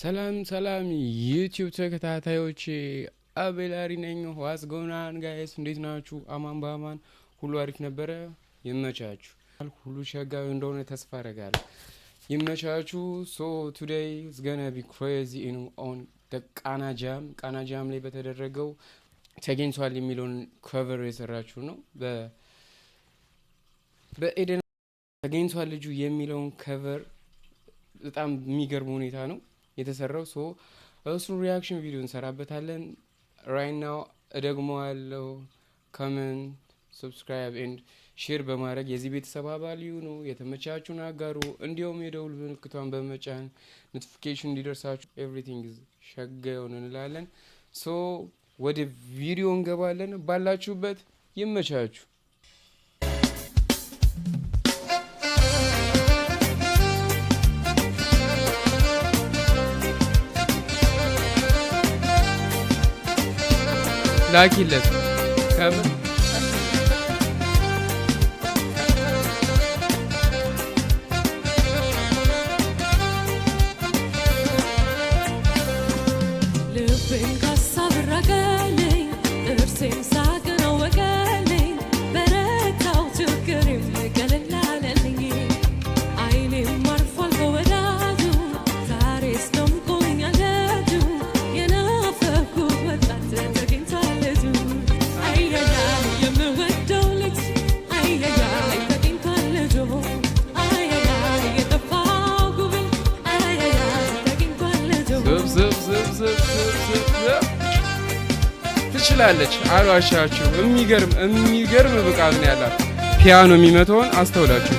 ሰላም ሰላም ዩቲዩብ ተከታታዮች አቤላሪ ነኝ። ዋስ ጎናን ጋይስ እንዴት ናችሁ? አማን በአማን ሁሉ አሪፍ ነበረ። ይመቻችሁ። ሁሉ ሸጋዊ እንደሆነ ተስፋ አደርጋለሁ። ይመቻችሁ። ሶ ቱዴይ ኢዝ ገና ቢ ክሬዚ ኢን ኦን ቃና ጃም ቃና ጃም ላይ በተደረገው ተገኝቷል የሚለውን ኮቨር የሰራችሁ ነው በኤደን ተገኝቷል ልጁ የሚለውን ከቨር በጣም የሚገርም ሁኔታ ነው። የተሰራው። ሶ እሱን ሪያክሽን ቪዲዮ እንሰራበታለን። ራይት ናው እደግመዋለሁ። ከመንት፣ ሰብስክራይብ ኤንድ ሼር በማድረግ የዚህ ቤተሰብ አባል ይሁኑ። አጋሩ። እንዲሁም የደውል ምልክቷን በመጫን ኖቲፊኬሽን እንዲደርሳችሁ ኤቭሪቲንግ ሸጋ ይሁን እንላለን። ሶ ወደ ቪዲዮ እንገባለን። ባላችሁበት ይመቻችሁ። لا كيلت كم ትችላለች አሏሻችሁ። የሚገርም የሚገርም ብቃት ነው ያላት። ፒያኖ የሚመተውን አስተውላችሁ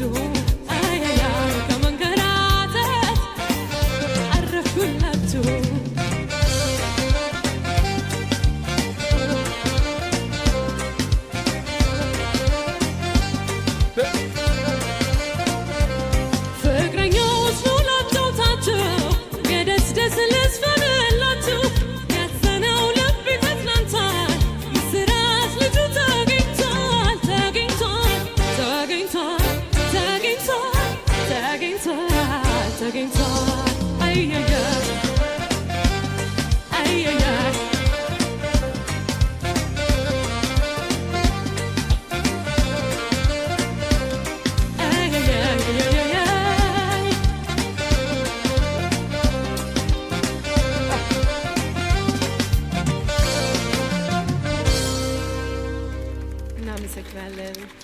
do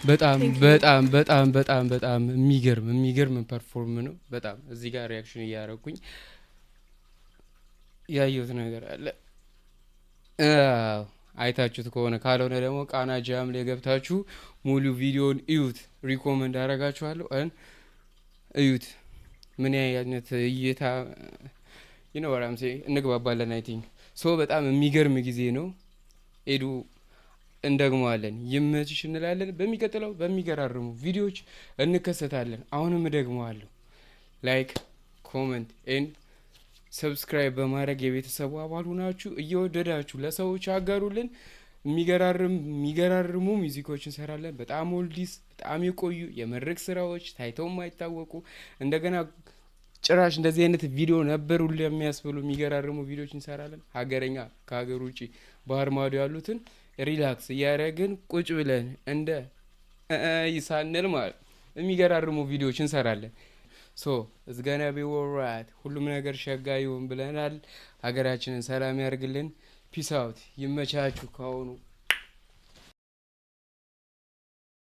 በጣም በጣም በጣም በጣም በጣም የሚገርም የሚገርም ፐርፎርም ነው። በጣም እዚህ ጋር ሪያክሽን እያደረኩኝ ያየሁት ነገር አለ። አይታችሁት ከሆነ ካልሆነ ደግሞ ቃና ጃም ላይ ገብታችሁ ሙሉ ቪዲዮን እዩት። ሪኮመንድ አረጋችኋለሁ። ን እዩት። ምን አይነት እይታ ይኖራምሴ እንግባባለን። አይቲንግ ሶ በጣም የሚገርም ጊዜ ነው ኤዱ እንደግመዋለን። ይመችሽ እንላለን። በሚቀጥለው በሚገራርሙ ቪዲዮዎች እንከሰታለን። አሁንም እደግመዋለሁ። ላይክ፣ ኮመንት ኤንድ ሰብስክራይብ በማድረግ የቤተሰቡ አባል ሁናችሁ እየወደዳችሁ ለሰዎች አጋሩልን። የሚገራርም የሚገራርሙ ሚዚኮች እንሰራለን። በጣም ኦልዲስ፣ በጣም የቆዩ የመድረክ ስራዎች ታይተው የማይታወቁ እንደገና ጭራሽ እንደዚህ አይነት ቪዲዮ ነበሩ የሚያስብሉ የሚገራርሙ ቪዲዮዎች እንሰራለን። ሀገረኛ ከሀገር ውጭ ባህር ማዶ ያሉትን ሪላክስ እያደረግን ቁጭ ብለን እንደ ይሳንል ማለት የሚገራርሙ ቪዲዮዎች እንሰራለን። ሶ እዝገና ቢወራት ሁሉም ነገር ሸጋ ይሁን ብለናል። ሀገራችንን ሰላም ያርግልን። ፒስ አውት። ይመቻችሁ ከሆኑ